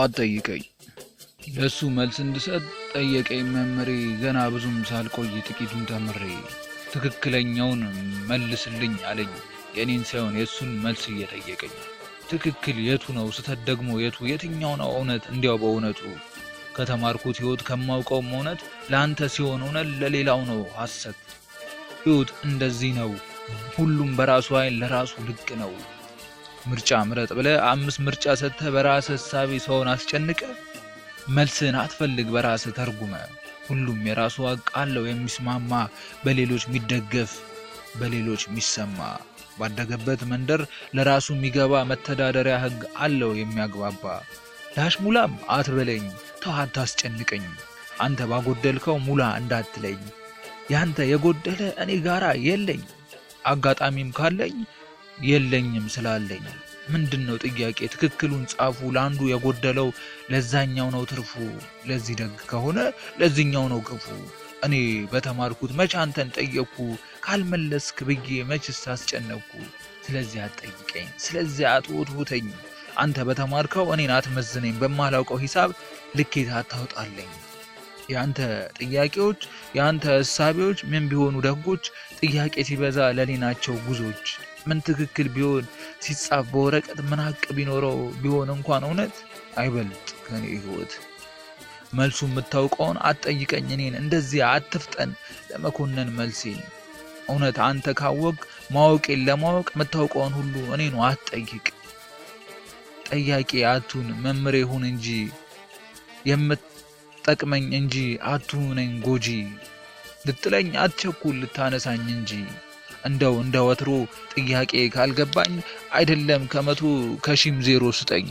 አጠይቀኝ። ለሱ መልስ እንድሰጥ ጠየቀኝ መምሬ ገና ብዙም ሳልቆይ ጥቂቱን ተምሬ ትክክለኛውን መልስልኝ አለኝ። የኔን ሳይሆን የእሱን መልስ እየጠየቀኝ ትክክል የቱ ነው ስህተት ደግሞ የቱ የትኛው ነው እውነት? እንዲያው በእውነቱ ከተማርኩት ህይወት ከማውቀውም እውነት ለአንተ ሲሆን እውነት ለሌላው ነው ሐሰት። ህይወት እንደዚህ ነው፣ ሁሉም በራሱ አይን ለራሱ ልቅ ነው። ምርጫ ምረጥ ብለ አምስት ምርጫ ሰጥተ በራስ ሳቢ ሰውን አስጨንቀ መልስን አትፈልግ፣ በራስ ተርጉመ። ሁሉም የራሱ ሀቅ አለው፣ የሚስማማ በሌሎች የሚደገፍ በሌሎች የሚሰማ ባደገበት መንደር ለራሱ የሚገባ መተዳደሪያ ህግ አለው የሚያግባባ። ሙላም አትበለኝ፣ ተው አታስጨንቀኝ፣ አንተ ባጎደልከው ሙላ እንዳትለኝ፣ ያንተ የጎደለ እኔ ጋራ የለኝ፣ አጋጣሚም ካለኝ የለኝም ስላለኝ ምንድን ነው ጥያቄ? ትክክሉን ጻፉ። ለአንዱ የጎደለው ለዛኛው ነው ትርፉ። ለዚህ ደግ ከሆነ ለዚኛው ነው ክፉ። እኔ በተማርኩት መች አንተን ጠየቅኩ? ካልመለስክ ብዬ መችስ አስጨነቅኩ? ስለዚህ አትጠይቀኝ፣ ስለዚህ አትወትውተኝ። አንተ በተማርከው እኔን አትመዝነኝ፣ በማላውቀው ሂሳብ ልኬት አታውጣለኝ። የአንተ ጥያቄዎች የአንተ እሳቤዎች ምን ቢሆኑ ደጎች፣ ጥያቄ ሲበዛ ለሌናቸው ጉዞች ምን ትክክል ቢሆን ሲጻፍ በወረቀት ምን ሀቅ ቢኖረው ቢሆን እንኳን እውነት አይበልጥ ከኔ ህይወት መልሱ የምታውቀውን አትጠይቀኝ እኔን እንደዚያ አትፍጠን ለመኮነን መልሴ እውነት አንተ ካወቅ ማወቄን ለማወቅ የምታውቀውን ሁሉ እኔ ነው አትጠይቅ ጠያቂ አቱን መምሬ ሁን እንጂ የምትጠቅመኝ እንጂ አቱነኝ ጎጂ ልትለኝ አትቸኩል ልታነሳኝ እንጂ እንደው እንደ ወትሮ ጥያቄ ካልገባኝ አይደለም ከመቶ ከሺም ዜሮ ስጠኝ።